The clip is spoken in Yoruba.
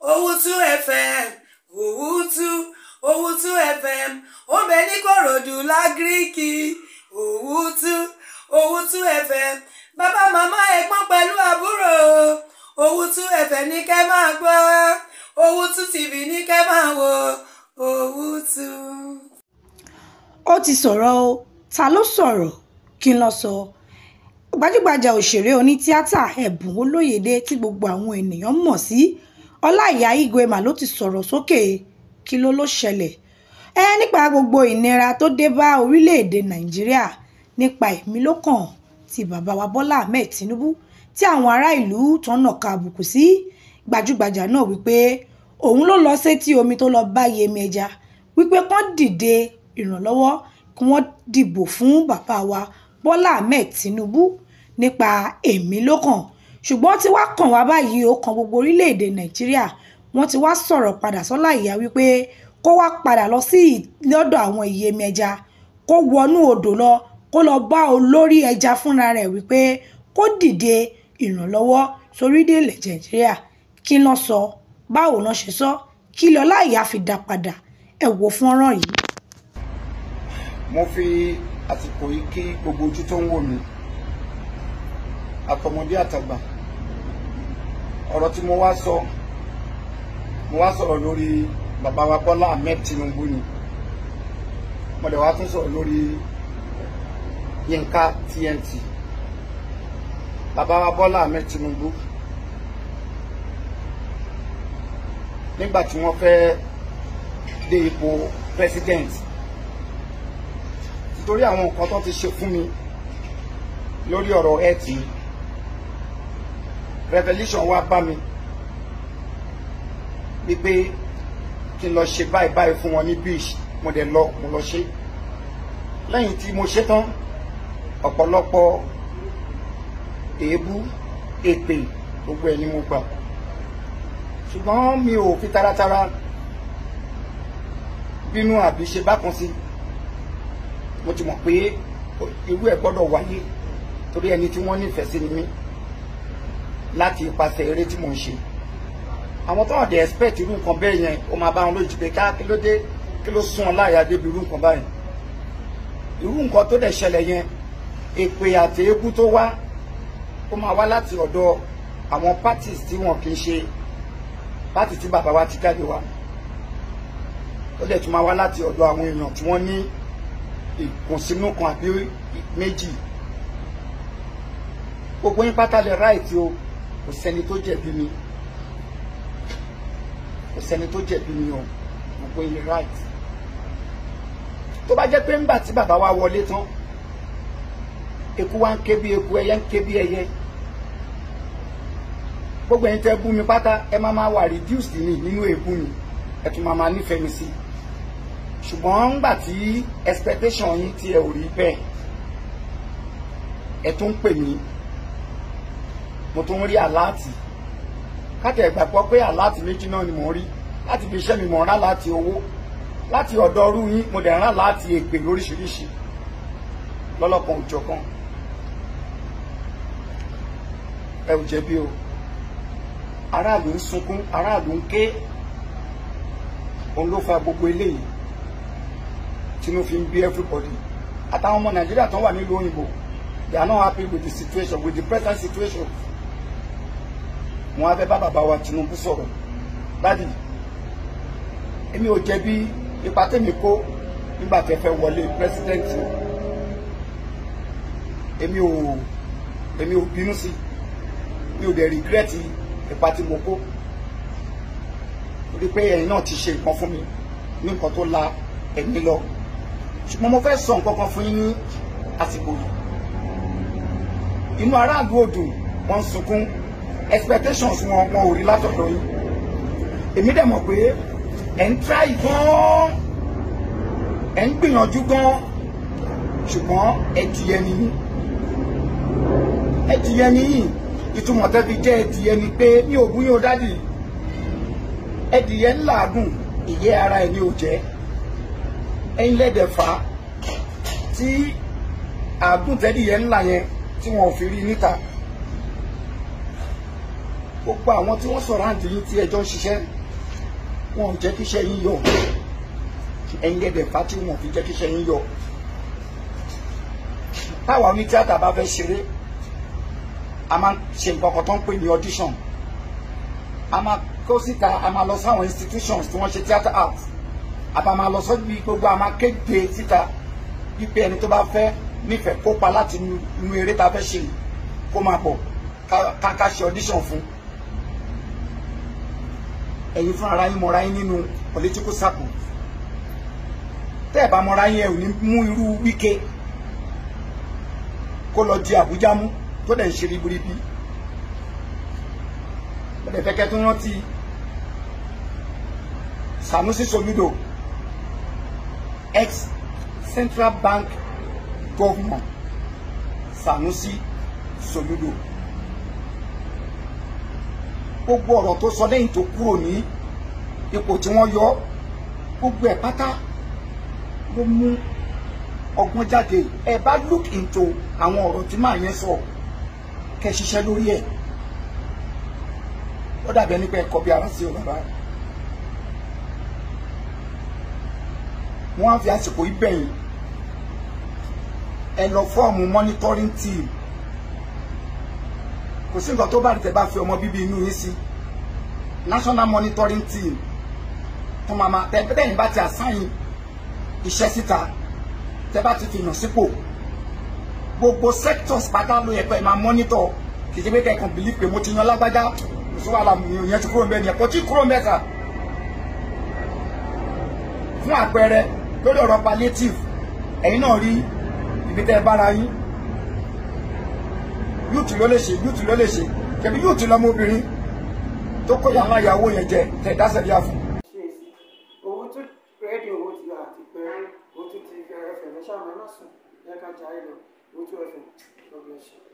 Owutu FM Owutu Owutu FM ó bẹ ní Kòròdú lágíríkì Owutu Owutu FM Baba mama ẹ̀gbọ́n pẹ̀lú àbúrò Owutu FM ní kẹ́ máa gbọ́ Owutu TV ní kẹ́ máa wò Owutu. ó ti sọ̀rọ̀ o ta ló sọ̀rọ̀ kí n lọ sọ gbajúgbajà òṣèré onítíátà Ẹ̀bùn Olóyèdé tí gbogbo àwọn ènìyàn mọ̀ sí. Si ọláìyá igwema ló ti sọ̀rọ̀ sókè kí ló ló ṣẹlẹ̀ ẹ nípa gbogbo ìnira tó dé bá orílẹ̀-èdè nàìjíríà nípa ìmílọ́kàn ti bàbá wa bọ́lá ahmed tinubu tí àwọn ará ìlú tọ́nà ka àbùkù sí gbajúgbajà náà wípé òun ló lọ sétí omi tó lọ bá yẹmi ẹja wípé kán dìde ìrànlọ́wọ́ kí wọ́n dìbò fún bàbá wa bọ́lá ahmed tinubu nípa èmílọ́kàn ṣùgbọ́n tí wàá kàn wá báyìí ó kan gbogbo orílẹ̀-èdè nàìjíríà wọ́n ti wá sọ̀rọ̀ padà sọ́lá ìyá wípé kó wá padà lọ sí lọ́dọ̀ àwọn ìyèmẹja kó wọnú odò lọ kó lọ bá olórí ẹja fúnra rẹ̀ wípé kó dìde ìrànlọ́wọ́ sórílẹ̀-èdè nàìjíríà kí ló sọ báwo ló ṣe sọ kí lọ́lá ìyá fi dá padà ẹ wo fọ́nrán yìí. mo fi àsìkò yìí kí gbogbo ojú tó ń wò mí àtọmọdé àtàgbà ọ̀rọ̀ tí mo wá sọ mo wá sọ̀rọ̀ lórí bàbá wa Bọ́lá Ahmed Tinubu ni mo dẹ̀ wá tún sọ̀rọ̀ lórí Yínká TNT bàbá wa Bọ́lá Ahmed Tinubu nígbà tí wọ́n fẹ́ dé ipò president nítorí àwọn nǹkan tó ti ṣe fún mi lórí ọ̀rọ̀ ẹ̀tì yìí revelation wá bá mi wípé kí n lọ ṣe báyìí báyìí fún wọn ní beach mo dẹ̀ lọ mo lọ ṣe lẹ́yìn tí mo ṣe tán ọ̀pọ̀lọpọ̀ èébú èpè gbogbo ẹ̀ ni mo gbà ṣùgbọ́n mi ò fi taratara bínú àbí ṣe bákan sí mo ti mọ̀ pé irú ẹ̀ gbọ́dọ̀ wáyé torí ẹni tí wọ́n nífẹ̀ẹ́ sí ni mí láti ipasẹ̀ eré tí mò ń ṣe àwọn tó hàn dé expect irú nǹkan bẹ́ẹ̀ yẹn ó máa bá wọn lójú pé ká kí ló dé kí ló sún ọ láyà débi irú nǹkan báyìí irú nǹkan tó dẹ̀ ṣẹlẹ̀ yẹn èpè àti eégún tó wá ó máa wá láti ọ̀dọ̀ àwọn parties tí wọn kì í ṣe party tí bàbá wa ti jáde wá ó dẹ̀ tún máa wá láti ọ̀dọ̀ àwọn èèyàn tí wọ́n ní ìkùnsínú kan àbí méjì gbogbo yín pátá lè ráìtì o kò sẹ́ni tó jẹ̀bi mi kò sẹ́ni tó jẹ̀bi mi o mo pe ilé right tó bá jẹ́ pé ńgbà tí bàbá wa wọlé tán eku wa ń ké bí eku ẹyẹ ń ké bí ẹyẹ gbogbo ẹ̀yin tẹ́ bú mi pátá ẹ máa máa wà reduced mi nínú èébú mi ẹ tún máa máa nífẹ̀ẹ́ mi sí i ṣùgbọ́n ńgbà tí expectation yín tiẹ̀ ò rí bẹ́ẹ̀ ẹ tún ń pè mí mo tún rí aláàtì káàtì ẹ̀gbà pé aláàtì méjì náà ni mò ń rí láti fi iṣẹ́ mi mò rán láti owó láti ọ̀dọ̀ ọrú yín mo dẹ̀ rán láti èpè lóríṣiríṣi lọ́lọ́kan òjọ̀kan ẹ ò jẹ̀bi o aráàlú ń sunkún aráàlú ń ké òun ló fa gbogbo eléyìí tínú fi ń bí everybody àtàwọn ọmọ nàìjíríà tó wà nílùú òyìnbó they are not happy with the situation with the present situation wọn á fẹ́ bá bàbá wa Tinubu sọ̀rọ̀ dádì èmi ò jẹ̀bi ipa tèmi kó nígbà tẹ́ fẹ́ wọlé pírẹsidẹ́ǹtì o èmi ò èmi ò bínú sí mi ò dẹ̀ rìgírẹ́tì ipa tí mo kó torí pé ẹ̀yin náà ti ṣe nǹkan fún mi ní nǹkan tó la ẹ̀mí lọ ṣùgbọ́n mo fẹ́ sọ nǹkan kan fún yín ní àsìkò yìí inú aráàlú ò dùn ń sunkún expectations wọn wọn ò rí látọ̀dọ̀ yín èmi dẹ̀ mọ̀ pé ẹ̀ ń try gan-an ẹ̀ ń gbìyànjú gan-an ṣùgbọ́n ẹ̀dìyẹ nìyí ẹ̀dìyẹ nìyí ìtumọ̀ tẹ́bi jẹ́ ẹ̀dìyẹ ni pé mi ò bú yín o dádì ẹ̀dìyẹ ń làágùn ìyẹ́ ara ẹ̀ ní o jẹ́ ẹ̀yin lẹ́dẹ̀fà tí àgùntẹ́dìyẹ ńlá yẹn tí wọn ò fi rí níta gbogbo àwọn tí wọ́n sọ̀rọ̀ àǹtí yìí tí ẹjọ́ ń ṣiṣẹ́ wọn ò jẹ́ kí iṣẹ́ yín yọ ẹ̀yin ẹ̀dẹ̀ fà tí wọn ò fi jẹ́ kí iṣẹ́ yín yọ táwa oní tíátà bá fẹ́ ṣeré a máa ṣe nǹkan kan tó ń pè ní audition a máa kó síta a máa lọ sáwọn institutions tí wọ́n ṣe theatre art àbá máa lọ sọ́jú gbogbo a máa kéde síta wípé ẹni tó bá fẹ́ nífẹ̀ẹ́ kópa láti nu eré tá a fẹ́ ṣe kó máa bọ̀ ká ká ṣe audition fún un ẹ̀yin fún ara yín mọ̀ra yín nínú political circle tẹ́ ẹ̀ bá mọ̀ra yín ẹ̀ ò ní mú irú Wike kó lọ di Àbújá mú tó dẹ̀ ń ṣe ribiribi bẹ̀rẹ̀ fẹ́ kẹ́ tó rántí Sanusi Soludo ex Central Bank governor Sanusi Soludo gbogbo ọ̀rọ̀ tó sọ lẹ́yìn tó kúrò ní ipò tí wọ́n yọ gbogbo ẹ̀ pátá ló mú ọgbọ́n jáde ẹ bá look into àwọn ọ̀rọ̀ tí màá yẹn sọ kẹ́ ṣiṣẹ́ lórí ẹ̀ ó dàbí ẹni pé ẹ bí ara sí o bàbá wọ́n á fi àsìkò ibẹ̀yìn ẹ lọ fọ́ọ̀mù monitoring team kò sí nǹkan tó bá rí tẹ́ bá fi ọmọ bíbí inú yín sí national monitoring team tó máa ma tẹ́yìn bá ti àsáyìn iṣẹ́ síta tẹ́ bá ti fìyàn sípò gbogbo sectors pátá ló yẹ pé ẹ máa monitor kì í ṣe pé kẹ́kàn believe pé mo ti yan lágbájá mo sọ wà láàmú ìyẹn ti kúrò ń bẹ́ẹ̀ ni ẹ̀kọ́ tí kúrò ń bẹ́ẹ̀ kà fún àpẹẹrẹ lórí ọ̀rọ̀ palliative ẹ̀yin náà rí ibi tẹ́ bára yín yúùtù ló lè ṣe yúùtù ló lè ṣe kẹbi yúùtù lọmọbìnrin tó kó yàrá ìyàwó yẹn jẹ tẹ dáṣẹ bí a fún. owó tó rẹ́ẹ̀dì owó ti rà àti pé owó tó ti fẹ́ ẹ̀fẹ̀ lọ́sàmọ́ náà sùn yẹ jà á lọ owó tó ẹ̀fẹ̀ lọ́gbẹ̀ẹ́sẹ̀.